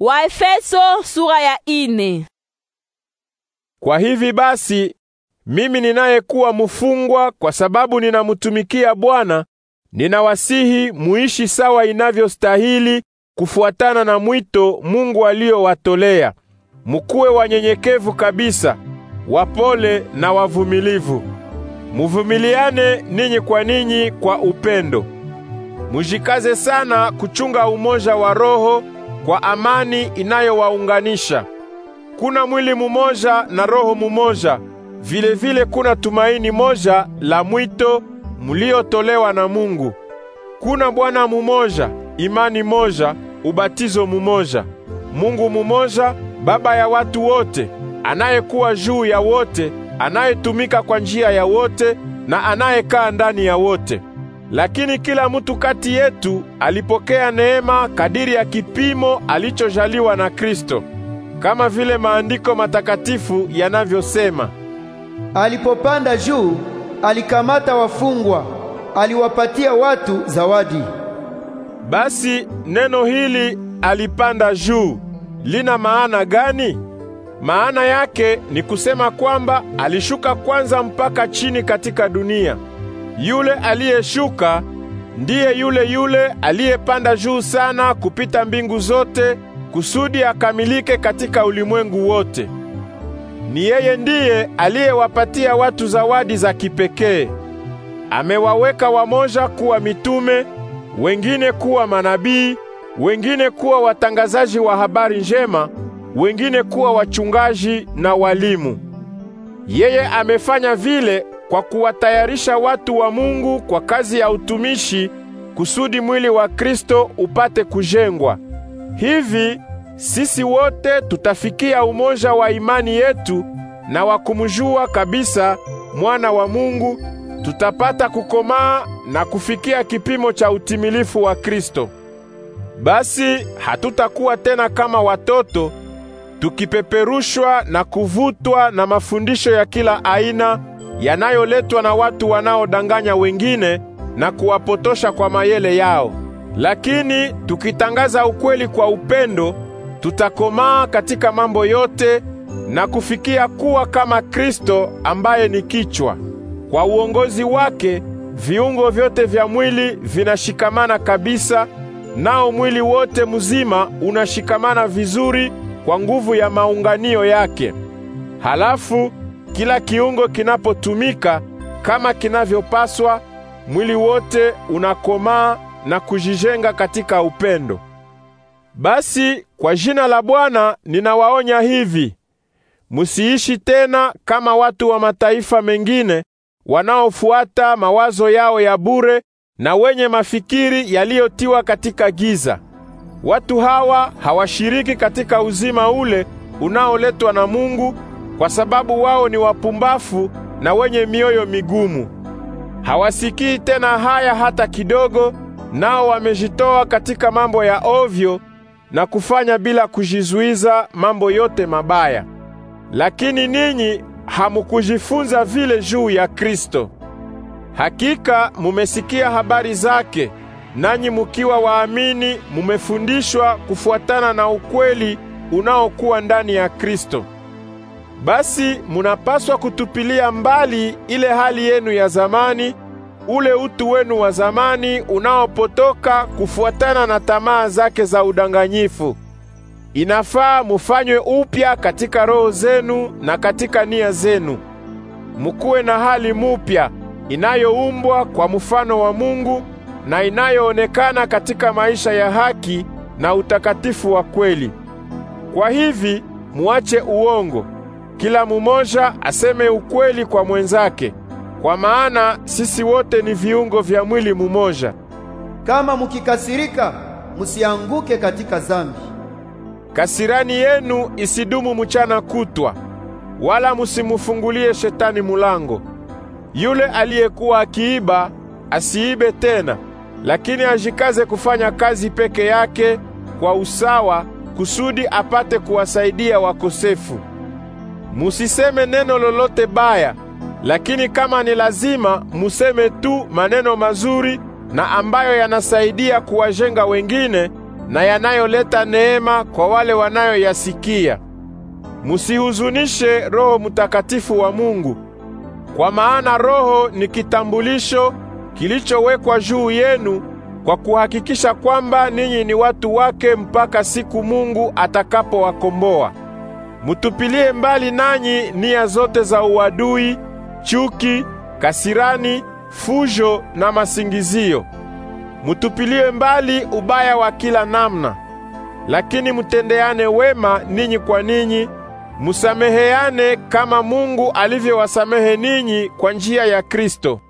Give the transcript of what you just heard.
Waefeso sura ya ine. Kwa hivi basi mimi ninayekuwa mfungwa kwa sababu ninamtumikia Bwana, ninawasihi muishi sawa inavyostahili kufuatana na mwito Mungu aliyowatolea. Mukuwe wanyenyekevu kabisa, wapole na wavumilivu. Muvumiliane ninyi kwa ninyi kwa upendo. Mujikaze sana kuchunga umoja wa roho kwa amani inayowaunganisha. Kuna mwili mumoja na roho mumoja, vile vile kuna tumaini moja la mwito mliotolewa na Mungu. Kuna Bwana mumoja, imani moja, ubatizo mumoja, Mungu mumoja, Baba ya watu wote, anayekuwa juu ya wote, anayetumika kwa njia ya wote na anayekaa ndani ya wote. Lakini kila mtu kati yetu alipokea neema kadiri ya kipimo alichojaliwa na Kristo, kama vile maandiko matakatifu yanavyosema: alipopanda juu alikamata wafungwa, aliwapatia watu zawadi. Basi neno hili alipanda juu lina maana gani? Maana yake ni kusema kwamba alishuka kwanza mpaka chini katika dunia. Yule aliyeshuka ndiye yule yule aliyepanda juu sana kupita mbingu zote kusudi akamilike katika ulimwengu wote. Ni yeye ndiye aliyewapatia watu zawadi za kipekee. Amewaweka wamoja kuwa mitume, wengine kuwa manabii, wengine kuwa watangazaji wa habari njema, wengine kuwa wachungaji na walimu. Yeye amefanya vile kwa kuwatayarisha watu wa Mungu kwa kazi ya utumishi kusudi mwili wa Kristo upate kujengwa. Hivi sisi wote tutafikia umoja wa imani yetu na wa kumjua kabisa mwana wa Mungu, tutapata kukomaa na kufikia kipimo cha utimilifu wa Kristo. Basi hatutakuwa tena kama watoto tukipeperushwa na kuvutwa na mafundisho ya kila aina yanayoletwa na watu wanaodanganya wengine na kuwapotosha kwa mayele yao. Lakini tukitangaza ukweli kwa upendo, tutakomaa katika mambo yote na kufikia kuwa kama Kristo ambaye ni kichwa. Kwa uongozi wake viungo vyote vya mwili vinashikamana kabisa, nao mwili wote mzima unashikamana vizuri kwa nguvu ya maunganio yake. Halafu kila kiungo kinapotumika kama kinavyopaswa, mwili wote unakomaa na kujijenga katika upendo. Basi kwa jina la Bwana ninawaonya hivi: musiishi tena kama watu wa mataifa mengine wanaofuata mawazo yao ya bure na wenye mafikiri yaliyotiwa katika giza. Watu hawa hawashiriki katika uzima ule unaoletwa na Mungu kwa sababu wao ni wapumbafu na wenye mioyo migumu. Hawasikii tena haya hata kidogo, nao wamejitoa katika mambo ya ovyo na kufanya bila kujizuiza mambo yote mabaya. Lakini ninyi hamukujifunza vile juu ya Kristo. Hakika mumesikia habari zake, nanyi mukiwa waamini mumefundishwa kufuatana na ukweli unaokuwa ndani ya Kristo. Basi munapaswa kutupilia mbali ile hali yenu ya zamani, ule utu wenu wa zamani unaopotoka kufuatana na tamaa zake za udanganyifu. Inafaa mufanywe upya katika roho zenu na katika nia zenu, mukuwe na hali mupya inayoumbwa kwa mfano wa Mungu na inayoonekana katika maisha ya haki na utakatifu wa kweli. Kwa hivi muache uongo, kila mumoja aseme ukweli kwa mwenzake, kwa maana sisi wote ni viungo vya mwili mumoja. Kama mukikasirika, musianguke katika zambi. Kasirani yenu isidumu mchana kutwa, wala musimufungulie shetani mulango. Yule aliyekuwa akiiba asiibe tena, lakini ajikaze kufanya kazi peke yake kwa usawa, kusudi apate kuwasaidia wakosefu musiseme neno lolote baya, lakini kama ni lazima, museme tu maneno mazuri na ambayo yanasaidia kuwajenga wengine na yanayoleta neema kwa wale wanayoyasikia. Musihuzunishe Roho Mtakatifu wa Mungu, kwa maana Roho ni kitambulisho kilichowekwa juu yenu kwa kuhakikisha kwamba ninyi ni watu wake mpaka siku Mungu atakapowakomboa mutupilie mbali nanyi nia zote za uadui, chuki, kasirani, fujo na masingizio. Mutupilie mbali ubaya wa kila namna, lakini mutendeane wema ninyi kwa ninyi, musameheane kama Mungu alivyowasamehe ninyi kwa njia ya Kristo.